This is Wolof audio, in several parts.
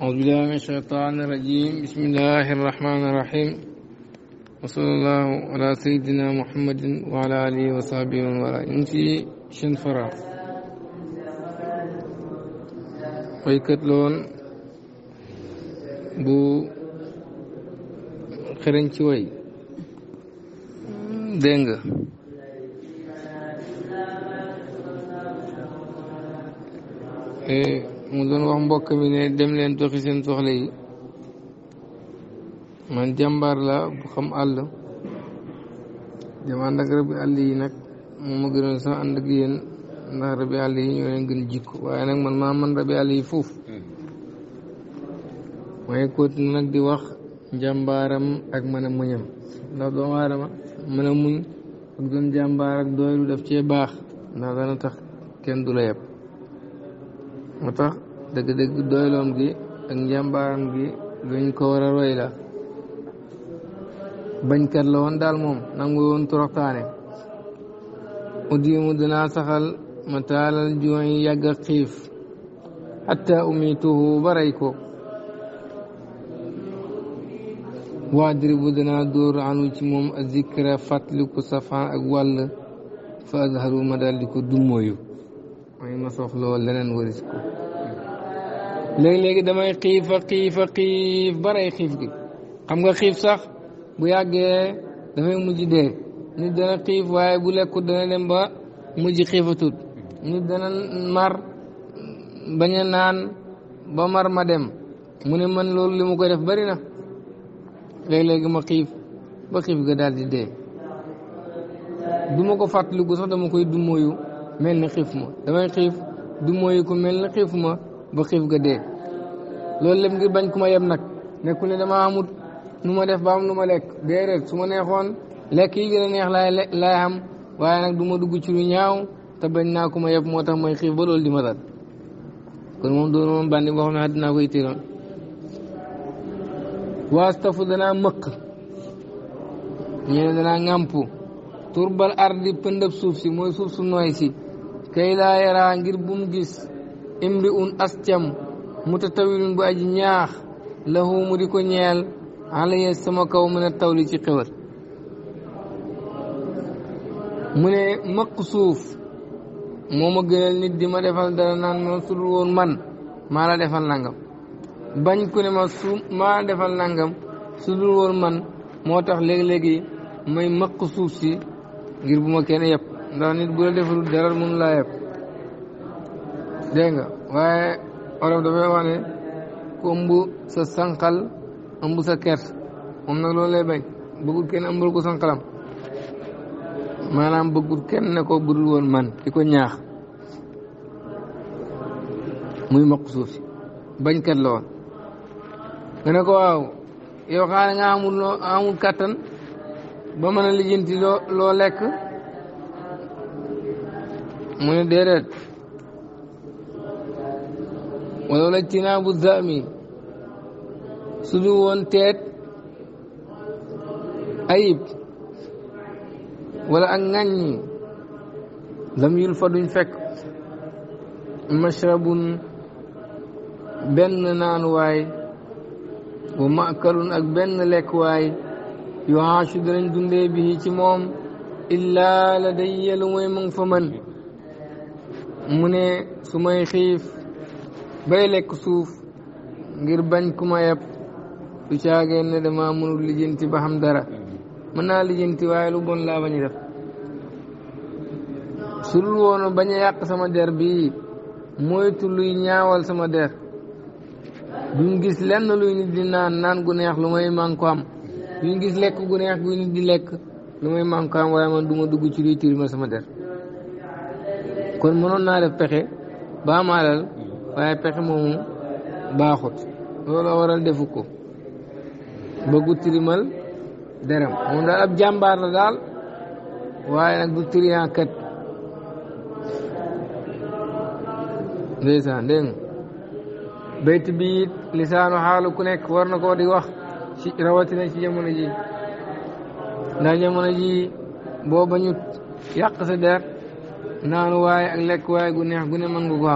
أعوذ بالله من الشيطان الرجيم بسم الله الرحمن الرحيم وصلى الله على سيدنا محمد وعلى آله وصحبه ومن والاه شن فرا ويكت لون بو xereñ way dégg nga mu doon wax mbokk mi ne dem leen doxi seen soxla yi man jàmbaar la bu xam àll dem ànd ak rabi àll yi nag moom ma gënoon sax jikko waaye nag man maa man rabi àll yi foofu waaye continue nag di wax njàmbaaram ak mën a muñam ndax doomu aadama mën a muñ ak doon jàmbaar ak doylu daf cee baax ndax dana tax kenn du la yeb moo tax dëgg doyloom gi ak njàmbaaram gi luñ ko war a roy la bañkat la woon daal moom nangu woon toroxtaane udimu danaa saxal ma taalal juuñ yàgg xiif xatta umituhu ba rey ko waadribu danaa dóor anu ci moom a zikra fàttaliku safaan ak wàll fa azharu ma daal di ko may ma soxloo leneen waris ko léegi-léegi damay xiifa xiifa xiif barey xiif gi xam nga xiif sax bu yàggee dafay mujj dee nit dana xiif waaye bu lekkut dana dem ba mujj xiifatut nit dana mar bañ a naan ba mar ma dem mu ne man loolu li mu koy def bari na léeg ma xiif ba xiif ga daal di dee du ma ko fàttaliku sax dama koy dummóoyu mel ni xiif ma damay xiif du mooy ko mel ni xiif ma ba xiif ga dee loolu lépp ngir bañ ku ma yem nag nekku ne dama amut nu ma def ba am nu ma lekk déedéet su ma neexoon lekk yi gën a neex laay laay waaye nag du ma dugg ci lu ñaaw te bañ naa ku ma yeb moo tax may xiif ba loolu di ma dal kon moom doon moom bandi boo xam ne dinaa koy tiiroon waastafu danaa mëkk ñene danaa ŋàmpu turbal ardi pëndëb suuf si mooy suuf su nooy si kay laa yaraa ngir bu mu gis imri un ascam mutatawilun bu aji ñaax lahu mu di ko ñeel alaya sama kaw mën a tawli ci xewal mu ne mëq suuf moo ma gënal nit di ma defal dara naan ma sul woon man maa la defal nangam bañ ku ne su defal nangam su dul woon man moo tax léegi-léegi may maq suuf si ngir bu ma kenn yépp ndax nit bu la defarul dara mun laa yeb dégg nga waaye olof dafay wax ne ku ëmb sa sànqal ëmb sa kert moom nag loolu lay bañ bëggul kenn ëmbal ko sànqalam maanaam bëggul kenn ne ko budul woon man ki ko ñaax muy maq suuf si bañkat la woon nga ne ko waaw yow xaar nga amul loo amul kàttan ba mën a lijjanti loo lekk mu ne déedéet wala la tinaabu zaami su du woon teet ayib wala ak ŋàññi lam yul fa duñ fekk mashrabun benn naanuwaay wa makalun ak benn lekkuwaay yu haashu danañ dundee bii ci moom illaa la day yelu mooy mu fa mën mu ne su may xiif bay lekk suuf ngir bañ ku ma yeb su caageen ne dama mënul lijjanti ba xam dara mën naa lijjanti waaye lu bon laa bañ def su dul woonu bañ a yàq sama der bi moytu luy ñaawal sama der duñ gis lenn luy nit di naan naan gu neex lu may man ko am duñ gis lekk gu neex gu nit di lekk lu may man ko am waaye man du ma dugg ci luy tiri ma sama der kon mënoon naa def pexe ba am waaye pexe moomu baaxut looloo waral defu ko bëggu tirimal deram moom daal ab jàmbaar la daal waaye nag du trian kat ndeysaan dégg nga bayt bi it lisaanu ku nekk war na koo di wax ci rawatina ci jamano ji ndax jamono ji boo bañut yàq der naanu waaye ak lekk waaye gu neex gu ne mën nga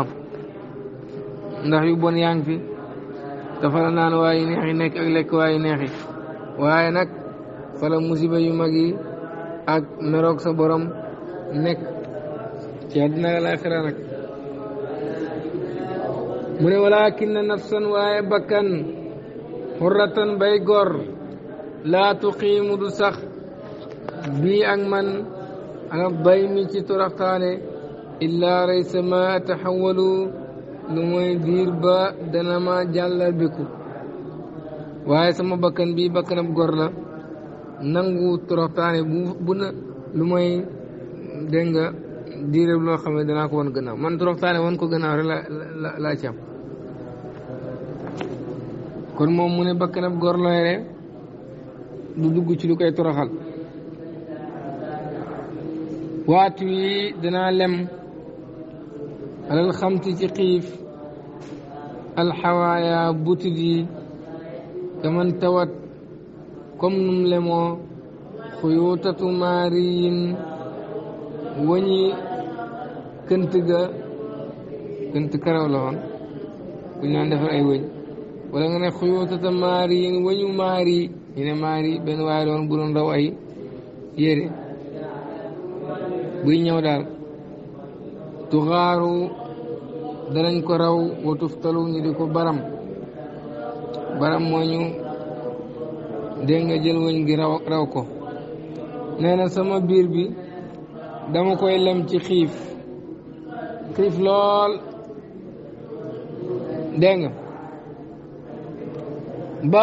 ndax yu bon yang fi dafa la naanu waaye yu nekk ak lekk waaye yu neex yi waaye nag fala musiba yu mag yi ak meroog sa borom nekk ci àddina ak laaxira mu ne walaakin nafsan waaye bakkan xurratan bay gor laa tuqiimu du sax bii ak man ana daymi ci toroxtaane illaa raysa ma taxawalu lu mooy diir ba dana ma jàllar biku waaye sama bakkan bi bakkanab gor la nangu toroxtaane bu bu na lu nga diirab loo xam ne danaa ko wan gannaaw man toroxtaane wan ko gannaaw rek laa ci kon moom mu ne bakkanab gor la du dugg ci lu toroxal waatu yi danaa lem alal xamti ci xiif alxawaaya butit yi kaman tawat kom num lemoo xuyuutatu maariyin wañi kënt ga kënt karaw la woon bu ñu naan defar ay wëñ wala nga ne xuyuutata maariyin wañu maari ñu maari benn waaye doon bu doon raw ay yére buy ñëw daal tuxaaru danañ ko raw wa tuftalu ñu di ko baram baram moo ñu dégg nga jël wëñ gi raw raw ko nee na sama biir bi dama koy lem ci xiif xiif lool dégg nga ba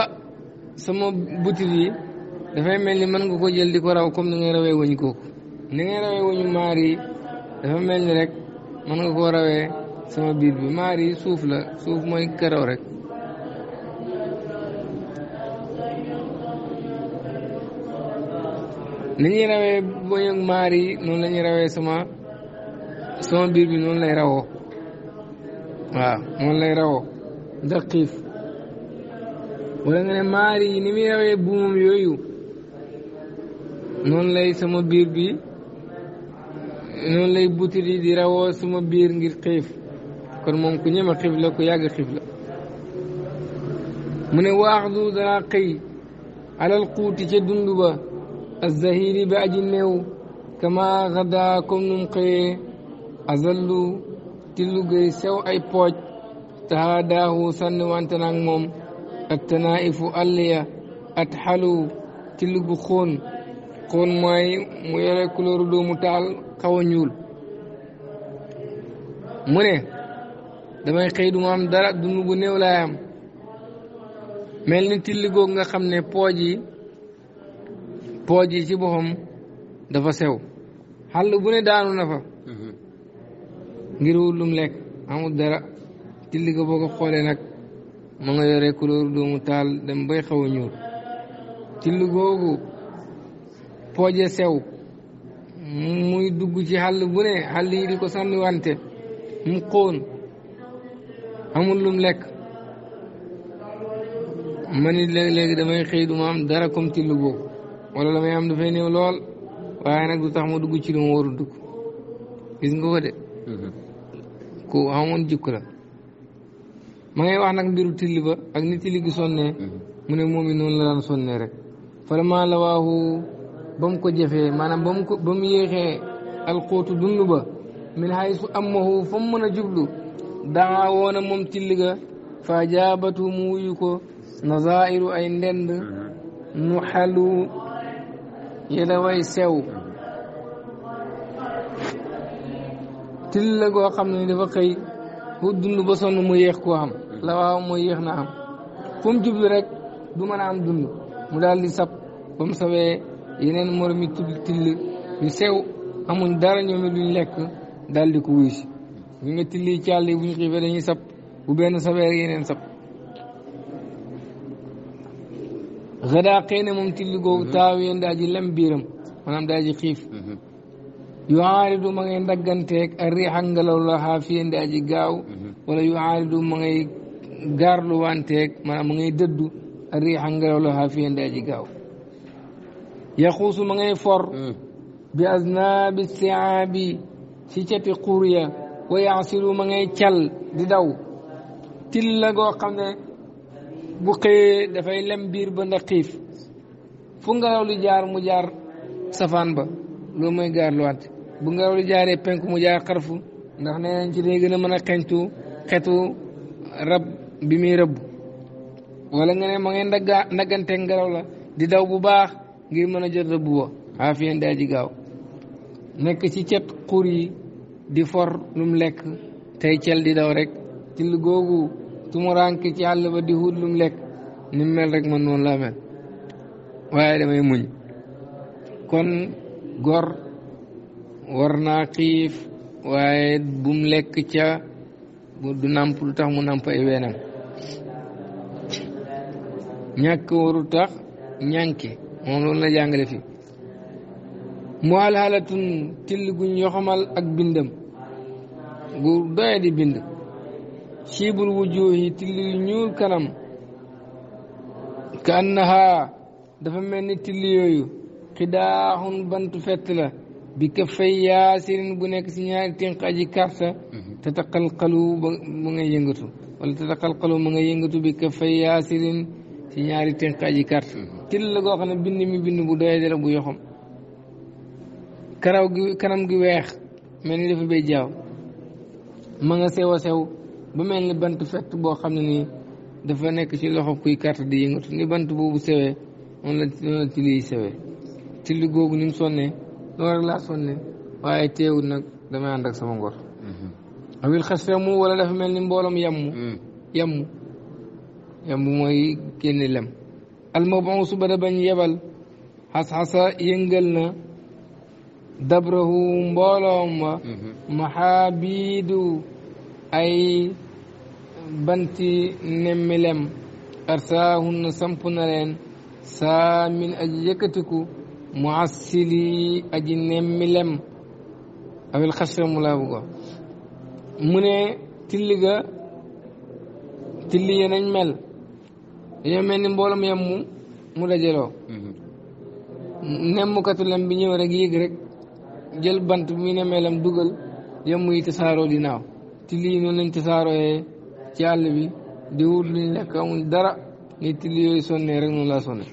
sama butit yi dafay mel ni mën nga ko jël di ko raw comme ni nga rawee wëñ kooku ni ngay rawee wuñu maar yi dafa mel ni rek mën nga koo rawee sama biir bi maar yi suuf la suuf mooy këraw rek ni ñuy rawee bëñëg maar yi noonu la rawee sama sama biir bi noonu lay rawoo waaw noonu lay rawoo daqiif wala nga ne maar ni muy rawee buumam yooyu noonu lay sama biir bi noonu lay butit yi di rawoo suma biir ngir xiif kon moom ku ñeme xiif ku yàgg xiif la mu ne waax du danaa xëy alal xuuti ca dund ba azahiri bi aji néew kama xadaa num xëyee azallu tillugay sew ay pooj taxa daahu sànni wante naag moom ak tanaifu àll ya at xalu tillugu xóon xóon mooy mu yore couleur doomu taal xaw a ñuul mu ne damay xëy am dara du gu néew laay am mel ni tilli googu nga xam ne pooj yi pooj yi ci boppam dafa sew xàll bu ne daanu na fa mhm. ngir wut lum lekk amul dara tilli ga boo ko xoolee nag ma nga yore couleur doomu taal dem bay xaw a ñuul tilli googu pooje sew muy dugg ci xàll bu ne xàll yi di ko sànni wante mu xóon amul lum lekk man it léeg-léegi damay xëy du ma am dara comme ci lu boobu wala la am dafay néew lool waaye nag du tax ma dugg ci lu ma warul dugg gis nga ko de mm-hmm. ku xamoon ma ngay wax nag mbiru tilli ba ak ni tilli gi sonnee mm-hmm. mu moom it noonu la daan rek vraiment la waaxu ba mu ko jëfee maanaam ba mu ko ba mu yéexee alxóotu dund ba min haysu amahu fa mu mën a jublu daa woon moom till ga fa jaabatu mu wuyu ko nazairu ay ndend mhm. nu xalu yelaway sew till la goo xam ne dafa xëy fu dund ba sonn mu yéex koo xam la waaw mooy yéex na am fu mu jublu rek du mën a am dund mu daal di sab ba mu sawee yeneen moromi till yu sew amuñ dara ñoom lekk daal di ko wuyu si ñu nga till yi ci àll yi bu ñu xiifee sab bu benn sabee yeneen sab xadaa xëy na moom till googu mhm. taaw yéen daa ji lem biiram maanaam daa ji xiif mhm. yu aaridu ma ngay ndagganteeg ak riix la xaa gaaw mhm. wala yu aaridu ma ngay gaarluwanteeg maanaam ma ngay dëddu ak riix ngelaw la xaa gaaw yaxuusu ma ngay for bi aznaabi siaabi ci cati xuur ya wa yaasilu ma ngay cal di daw til la goo xam ne bu xëyee dafay lem biir ba ndax xiif fu ngelaw li jaar mu jaar safaan ba loolu mooy gaar luwante bu ngelaw li jaaree penk mu jaar xarfu ndax nee nañ ci day gën a mën a xentu xetu rab bi muy rëbb wala nga ne ma ngay ndagga ndagganteeg la di daw bu baax ngir mën a jot rëbb wa xaafiyan daa gaaw nekk ci cet xur yi di for lu mu lekk tey cel di daw rekk ci lu googu tumuraanke ci àll ba di wut lu mu lekk ni mel rekk man noonu laa mel waaye damay muñ kon gor war naa xiif waaye bum lekk ca du nàmp lu tax mu nàmp ay weenam ñàkk waru tax ñànke moom loolu la jàngale fi mu till guñ yoxamal ak bindam gu doye di bind siibul wujuhi till yu ñuul kanam ka annaha dafa mel ni till yooyu xidaaxun bantu fett la bi ka fay yaasirin bu nekk si ñaari tinq aji karta mhm. te taqalqalu ba nga yëngatu wala te taqalqalu mu nga yëngatu bi ka fay yaasirin ci ñaari tënk aji kar till la goo xam ne bind mi bind bu doyee dara bu yoxam karaw gi kanam gi weex mel ni dafa bay jaaw ma nga sew a sew ba mel ni bant fett boo xam ne nii dafa nekk ci loxo kuy carte di yëngatu ni bant boobu sewee moom la noonu la till yi sewee till googu ni sonnee loolu rek laa sonnee waaye teewul nag damay ànd ak sama ngor mm-hmm. awil xas femu wala dafa mel ni mbooloom yemmu mm. yemmu lam bu mooy génne lem almabuusu ba da bañ yebal xas-xasa yëngal na dabrahu mbooloom wa mhm. maxaabiidu ay banti nemmi lem arsaahun na samp saa min aji yëkkatiku mu assili aji nemmi lem awil xasra mu laa bëgg mu ne tilli ga tilli ye mel ñu mel ni mboolam yam mu mu dajaloo mhm. nemmkatu lem bi ñëw rek yëg rek jël bant bi muy nemeelam dugal yam mu yi tasaaroo dinaaw ti lii noonu lañ tasaaroyee ci àll bi di wut luñ lekk amuñ dara ni tilli yooyu sonnee rek noonu laa sonne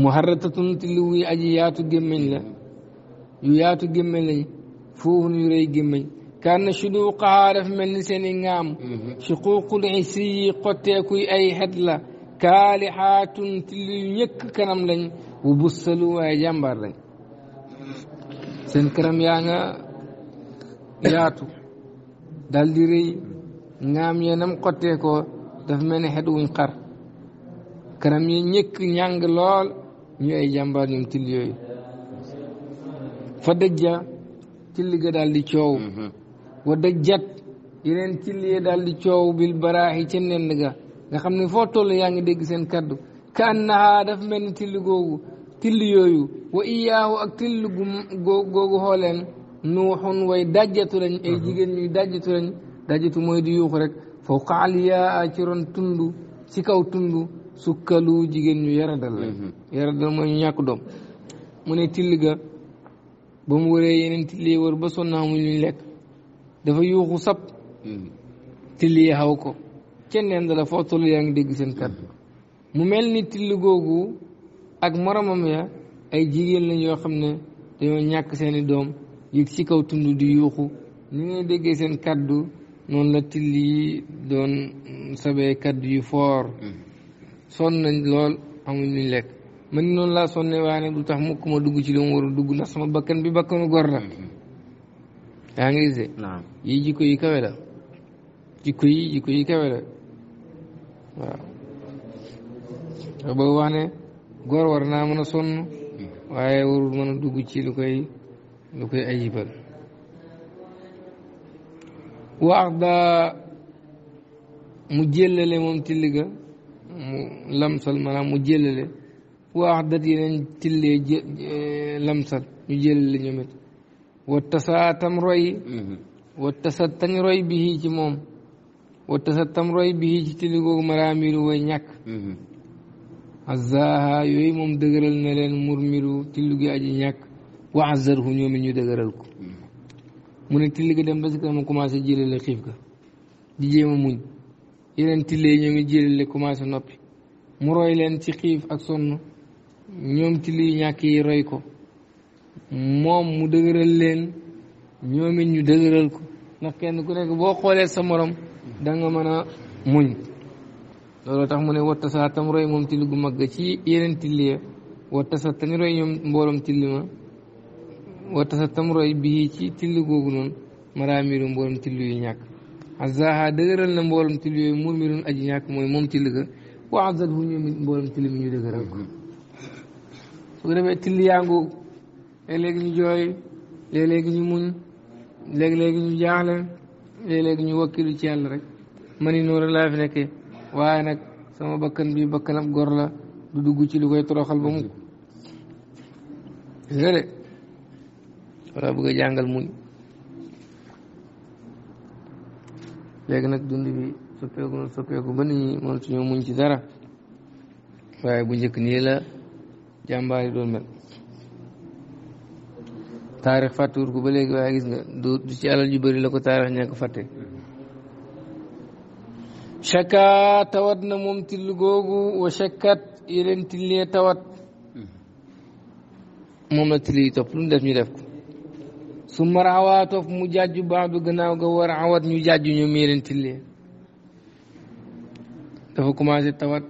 muharratatun tilli wuy aji yaatu gémmeñ la yu yaatu gémmeñ lañ foofu nu rëy gémmeñ كان شدوقها رف من سن نعم شقوق العسي قتاكو أي حدلا كالحات تليك كنم لن وبصلوا أي جنبار لن سن كرم يانا yaatu dal di rëy ngaam yee nam xottee ko dafa mel ne xet wuñ xar kanam yi ñëkk ñàng lool ñu ay jàmbaar ñoom till yooyu fa dëjja till ga daal di wa dajjat yeneen till yi daal di coow bil baraaxi ca nend ga nga xam ne foo toll yaa ngi dégg seen kaddu ka annaha dafa mel ni googu till yooyu wa iyaahu ak till gu googu xooleen nuuxun way dajjatu lañ ay mhm. jigéen ñuy dajjatu lañ dajjatu mooy di yuuxu rek fawqa aliyaa ci ron tund ci kaw tund sukkalu jigéen ñu yaradal la mhm. yaradal mooy ñu ñàkk doom mu ne till ga ba yeneen till yi wër ba sonn amuñ luñ lekk dafa yuuxu sab hmm. tilli xaw ko kenneen dala foo toll yaa ngi dégg seen kàddu mu mel ni till googu ak moromam ya ay jigéen lañ yoo xam ne dañoo ñàkk seeni doom yëg ci kaw tund di yuuxu ni ngay déggee seen kàddu noonu la tilli yi doon sabee kàddu yu foor hmm. sonn nañ lool amuñ luñ lekk man noonu laa sonne waaye nag du tax mukk ma dugg ci li mu war a dugg ndax sama bakkan bi bakkanu gor la hmm. yaa ngi gis de yii jikko yi kawe jikko yi jikko yi kawe la waaw boobu wax war naa mën a sonn waaye warul mën dugg ci lu koy lu koy ayibal wax daa mu jëllale moom tilli ga mu lamsal maanaam mu jëllale wax dat yeneen tillee lamsal ñu jëllale ñoom watta saa tam roy watta sa tañ roy bii ci moom watta sa tam roy bii ci tiligoogu maraamiru way ñàkk azaha yooyu moom dëgëral na leen murmiru tillu gi aji ñàkk wa azarhu ñoom it ñu dëgëral ko mu ne tilli gi dem parce que dama commencé jëlale xiif ga di jéem a muñ yeneen tille yi ñoom it commencé noppi mu leen ci xiif ak sonn ñoom tilli yu ñàkk yi roy ko moom mu dëgëral leen ñoom ñu dëgëral ko ndax kenn ku nekk boo xoolee sa morom da nga mën a muñ loolu tax mu ne watta saa tam roy moom till gu mag ci yeneen tilli ya watta sa tam mbooloom tilli ma watta sa tam roy bii ci tilli googu noonu maraamiru mbooloom tilli yu ñàkk azaha dëgëral na mbooloom tilli yooyu murmirun aji ñàkk mooy moom tilli ga wa azat hu ñoom it mbooloom tilli mi ñu dëgëral ko su ko defee tilli yaa ngoogu léeg-léeg ñu jooy léeg-léeg ñu muñ léeg-léeg ñu jaaxle léeg ñu wakkilu ci yàlla rek mani ni noonu laa fi waaye nag sama bakkan bi bakkanam gor la du dugg ci lu koy toroxal ba mu nga de wala bëgg a jàngal muñ léegi nag dund bi soppeeku na soppeeku ba nit ñi mënatuñoo muñ ci dara waaye bu njëkk nii la jàmbaar yi doon mel taarix fàttewut ko ba ga waaye gis nga du ci alal ju bëri la ko taarix ñàkk fàtte chaka tawat na moom till googu wa chakat yeneen tillee tawat moom la till topp lu mu def ñu def ko su topp mu jàjju baax du gannaaw ga war awat ñu jàjju ñoom yeneen tillee dafa commencé tawat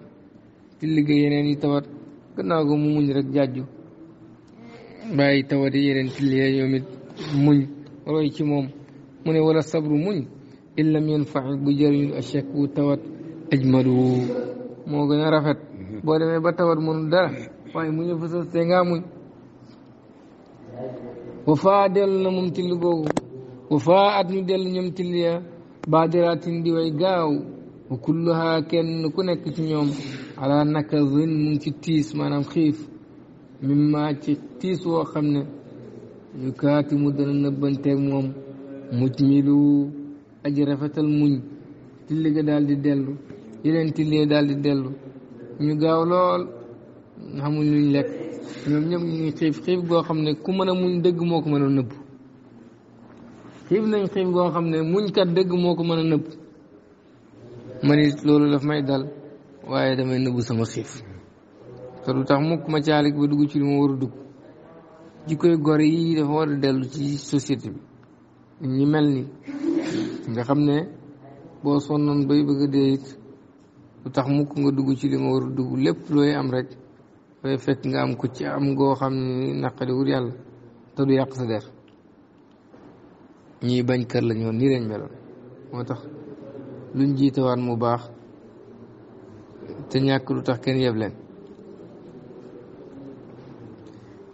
till ga yeneen yi tawat gannaaw ga mu muñ rek jàjju bàyyi tawat yi yeneen tilliya ñoom muñ roy ci moom mu ne wala sabru muñ in lam yanfaxi bu jëriñul achek wu tawat ajmadu moo gën a rafet mm-hmm. boo demee ba tawat mënul dara waaye muñu fasal see ngaa muñ wa faa dellu na moom tilli googu wa faa at ñu dellu ñoom tilliya baadiratin di way gaaw wa kulluha kenn ku nekk ci ñoom ala naka zin mu ngi ci tiis maanaam xiif mimma ci tiis woo xam ne yu kaati mu dana nëbbanteeg moom mucc mi lu aji rafetal muñ tilli ga daal di dellu yeneen tillee daal di dellu ñu gaaw lool xamuñ luñ lekk ñoom ñëpp ñu xiif xiif goo xam ne ku mën a muñ dëgg moo ko mën a nëbb xiif nañ xiif goo xam ne muñkat dëgg moo ko mën a nëbb man it loolu daf may dal waaye damay nëbb sama xiif te du tax mukk ma caalik ba dugg ci li ma war a dugg jikkoy gor yi dafa war a dellu ci société bi ñu mel ni nga xam ne boo sonnoon bay bëgg a dee it du tax mukk nga dugg ci li nga war a dugg lépp looy am rek looy fekk nga am ko ci am goo xam ne naqari wut yàlla te du yàq sa der ñii bañ kër la ñoon nii lañ meloon moo tax luñ jiitawaan mu baax te ñàkk lu tax kenn yeb leen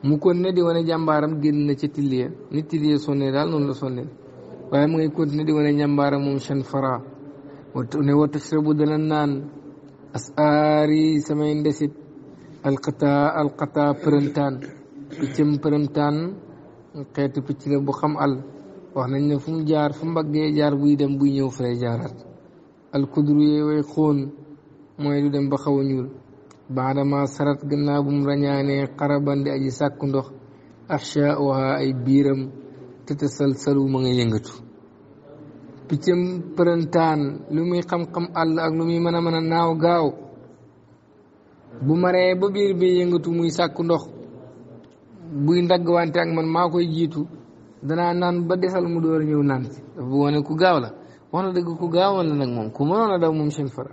mu continué di wane jàmbaaram génn na ci tilliya ni tilliya sonne daal noonu la sonne waaye mu ngay continué di wane jàmbaaram moom seen fara ne wa tashrabu dana naan asaari samay ndesit alqata alqata përëntaan piccam përëntaan xeetu picc la bu xam al wax nañ ne fu mu jaar fu mbaggee jaar buy dem buy ñëw fay jaaraat alkudru yooyu way xóon mooy du dem ba xaw a ñuul baadama sarat gannaaw naa mu rañaanee xaraban di aji sàkku ndox axshaaha ay biiram te tasalsalu ma nga yëngatu piccam përëntaan lu muy xam-xam àll ak lu mën a mën a naaw gaaw bu maree ba biir bi yëngatu muy sàkku ndox buy ndagg wante ak man maa koy jiitu danaa naan ba desal mu door ñëw naan wane ku gaaw la wax na dëgg ku gaawoon la nag moom ku mënoon a daw moom seen fara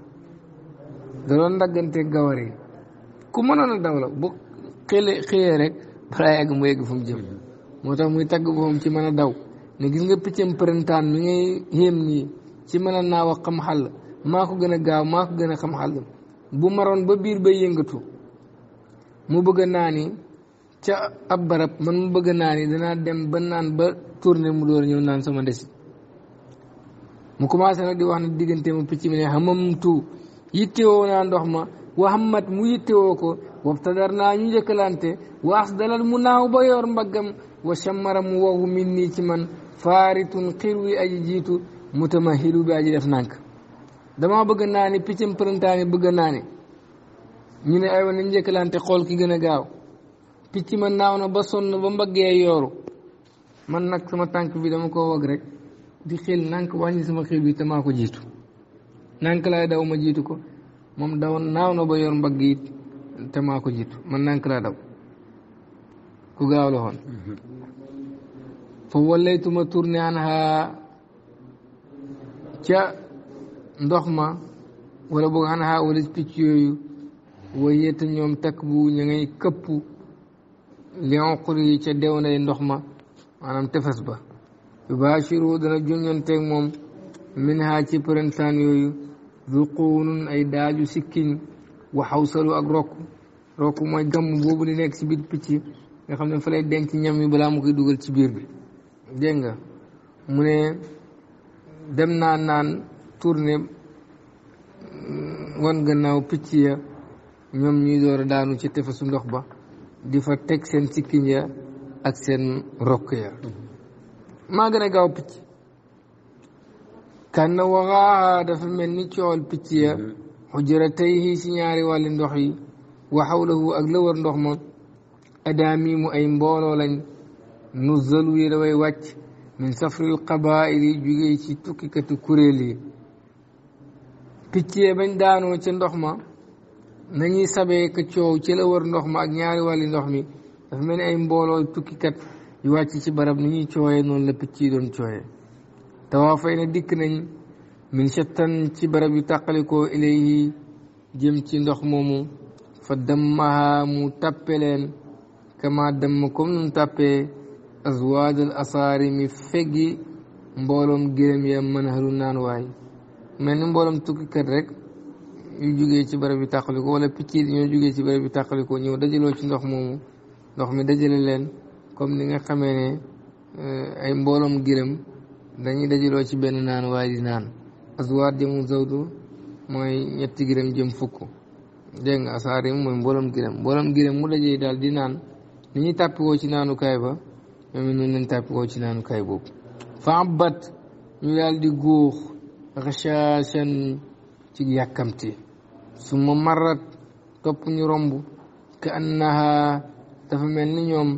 da doon ndagganteeg gawar ku mënoon a daw la bu xëlee xëyee rek balaa yàgg mu yegg fa jëm moo tax muy tagg boppam ci mën a daw ne gis nga piccam printaan mi ngay yéem nii ci mën a naaw ak xam xàll maa ko gën a gaaw maa ko gën a xam xàll bu maroon ba biir bay yëngatu mu bëgg a naani ca ab barab man mu bëgg a naani danaa dem ba naan ba tourné mu door ñëw naan sama ndesi mu commencé nag di wax ne diggante ma picc mi ne xamamtu yittewoo naa ndox ma wa hammat mu yittewoo ko wabtadar naa ñu njëkkalante wa asdalal mu naaw ba yor mbaggam wa shammara mu wowu min nii ci man faaritun xir wi aji jiitu mutamahilu bi aji def nànk dama bëgg naa ni piccam përëntaani bëgg naa ni ñu ne aywa nañ njëkkalante xool ki gën a gaaw picc ma naaw na ba sonn ba mbaggee yooru man nag sama tànk bi dama ko wog rek di xel nànk wàññi sama xel bi ko jiitu nànk laay daw ma jiitu ko moom dawoon naaw na ba yor mbagg it te man nànk daw ku gaaw la xoon fa wallaytuma tourné an xaa ca ndox ma wala boog an xaa wala picc yooyu waaye te ñoom takk bu ña ngay këpp lionqur yi ca dew nay ndox ma maanaam tefes ba yu baashiru dana junganteeg moom min xaa ci përëntaan yooyu zuquunun ay daaju sikkiñ waxaw salu ak rokk rokk mooy gamm boobu di nekk ci biir picc nga xam ne fa lay denc ñam yi balaa mu koy dugal ci biir bi dégg nga mu ne dem naa naan turne mm, wan gannaaw picc ya ñoom ñuy a daanu ci tefesu ndox ba difa teg seen sikkiñ ya ak seen rokk ya mm-hmm. maa gën a gaaw picc kan waxaa dafa mel ni cool picc ya mhm. xujara ci ñaari wàlli ndox yi wa xawlahu la wër ndox ma adaamiimu ay mbooloo lañ nuzzalu yi daway wàcc min safril qabaa'il jugee ci tukkikati kuréel yi picc ya bañ daanoo ci ndox ma nañuy sabee ka coow ci la war ndox ma ak ñaari wàlli ndox mi dafa mel ni ay mbooloo tukkikat yu wàcc ci barab ni ñuy cooyee noonu la picc doon cooyee tawaa fay na dikk nañ min chattan ci barab yu tàqalikoo ilayhi jëm ci ndox moomu fa dammaha mu tappe leen kama damm comme num tappe azwaaj al asaari mi feggi mbooloom gërëm ya mën halu naan waay mel ni mbooloom tukkikat rek yu jugee ci barab yu tàqalikoo wala picc yi ñoo jugee ci barab yu tàqalikoo ñëw dajaloo ci ndox moomu ndox mi dajale leen comme ni nga xamee ne euh, ay mbooloom gërëm dañuy dajaloo ci benn naan waaye di naan aswaat jëmu zawdu mooy ñetti gërëm jëm fukk dégg nga asaarim mooy mbooloom gërëm mbooloom gërëm mu dajee daal di naan ni ñuy tàppikoo ci naanukaay ba ñoom it noonu lañ tàppikoo ci naanukaay boobu fa abbat ñu daal di góox xasaashan ci yàkkamti su ma marat topp ñu romb ka annaha dafa mel ni ñoom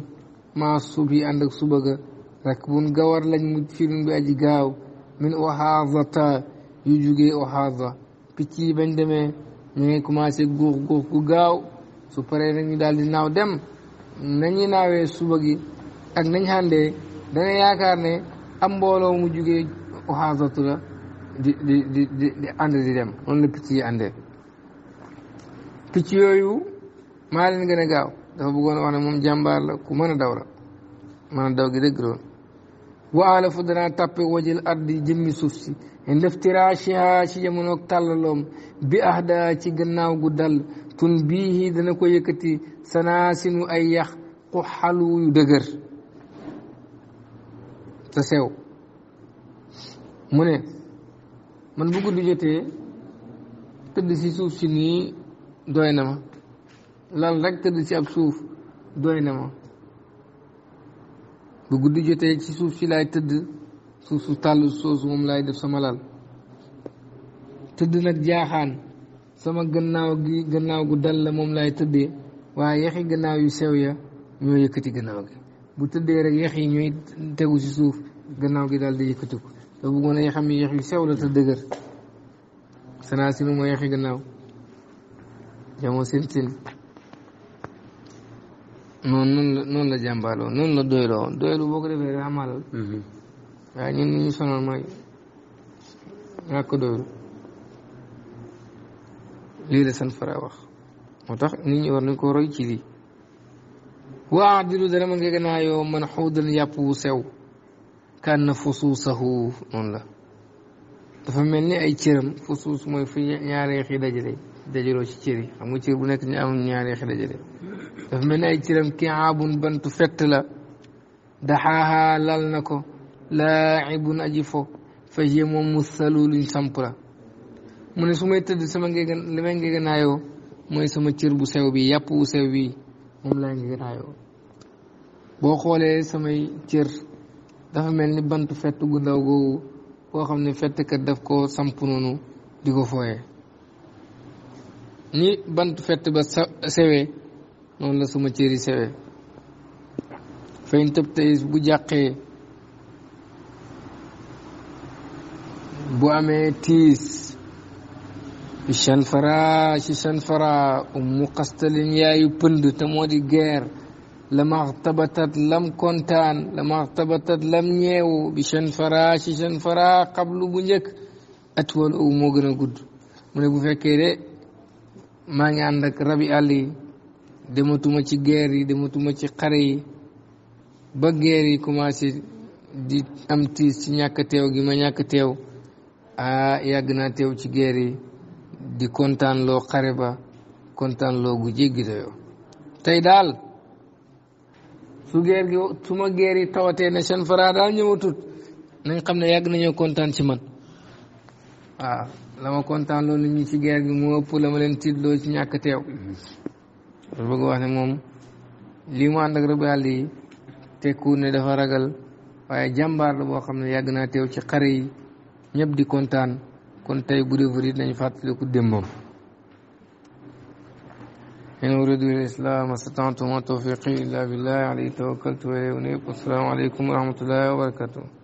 maa suub yi ànd suba ga rakbun gawar lañ mu bi aji gaaw min oxaazata yu jugee oxaaza picc yi bañ demee ñu ngi commencé guux guux gu gaaw su paree nag ñu daal di naaw dem nañu naawee suba gi ak nañ xàndee dana yaakaar ne am mbooloo mu jugee oxaazatu la di di di dem noonu la picc yi àndee picc yooyu maa leen gën a gaaw dafa bëggoon wax moom jàmbaar ku mën daw la mën daw gi dëgg loolu wa alafu danaa tàppe wajal ardi jëmmi suuf si indeftiraachiha ci jamonoog tàllaloom bi ahda ci gannaaw gu dal tun biihi dana ko yëkkati sanaasinu ay yax ku xalu dëgër te mu ne man bu guddi jotee tëdd si suuf si nii doy na ma lan rek tëdd ab suuf doy na ma bu guddi jotee ci suuf si laay tëdd suuf su tàll soosu moom laay def sama lal tëdd nag jaaxaan sama gannaaw gi gannaaw gu dal la moom laay tëddee waa yaxi gannaaw yu sew ya ñoo yëkkati gannaaw gi bu tëddee rek yax yi ñooy tegu ci suuf gannaaw gi daal di yëkkati ko te bëggoon a yaxam yi yax yu sew la te dëgër sanaa sinu mooy yaxi gannaaw jamoo seen noonu noonu la noonu la jàmbaarloo noonu la doyloo doylu boo ko defee rek amaalal mhm. waaye ñun ñu sonal mooy ñàkk doylu lii la san fara wax moo tax nit ñi war nañ ko roy ci lii waa dilu dara ma nga gën a yoo man xuudal yàpp wu sew kàn na fusuusahu noonu la dafa mel ni ay cëram fusuus mooy fi ñaaree xi dajale dajaloo ci cër yi xam nga cër bu nekk ñu am ñaari xel dafa mel ni ay cëram ki aabun bantu fett la daxaaha lal na ko laaibun aji fo faje moom mu salu luñ samp la mu ne su may tëdd sama ngéega li may ngéega mooy sama cër bu sew bi yàpp bu sew bi moom laa ngéega naayoo boo xoolee samay cër dafa mel ni bantu fett gu ndaw googu boo xam ne fettkat daf koo samp noonu di ko ni bant fet ba sewee noonu la suma cër yi sewee fayn bu jàqee bu amee tiis chanfara ci chanfara ummu xastalin yaayu pënd te moo di guerre la max tabatat lam kontaan la tabatat lam ñeewu bi chanfara ci chanfara xablu bu njëkk atwal u moo gën a gudd mu ne bu fekkee de maa ngi ànd ak rabi àll yi dematuma ci guerre yi dematuma ci xare yi ba guerre yi commencé di am tiis ci ñàkk teew gi ma ñàkk teew ah yàgg naa teew ci guerre yi di kontaan loo xare ba kontaan loo gu jéggi dayoo tey daal su guerre gi su ma guerre yi tawatee ne seen fara daal ñëwatut nañ xam ne yàgg nañoo kontaan ci man waaw la kontaan loolu nit ñi ci guerre bi moo ëpp la ma leen tiitloo ci ñàkk teew loolu bëgg wax ne moom lii mu ànd ak rëbb yàlla yi tekku ne dafa ragal waaye jàmbaar la boo xam ne yàgg naa teew ci xare yi ñëpp di kontaan kon tey bu defar it nañ fàttaliku démbam in uridu islam astata'tu ma tawfiqi illa billahi alayhi tawakkaltu wa ilayhi unib assalaamu alaykum wa rahmatullahi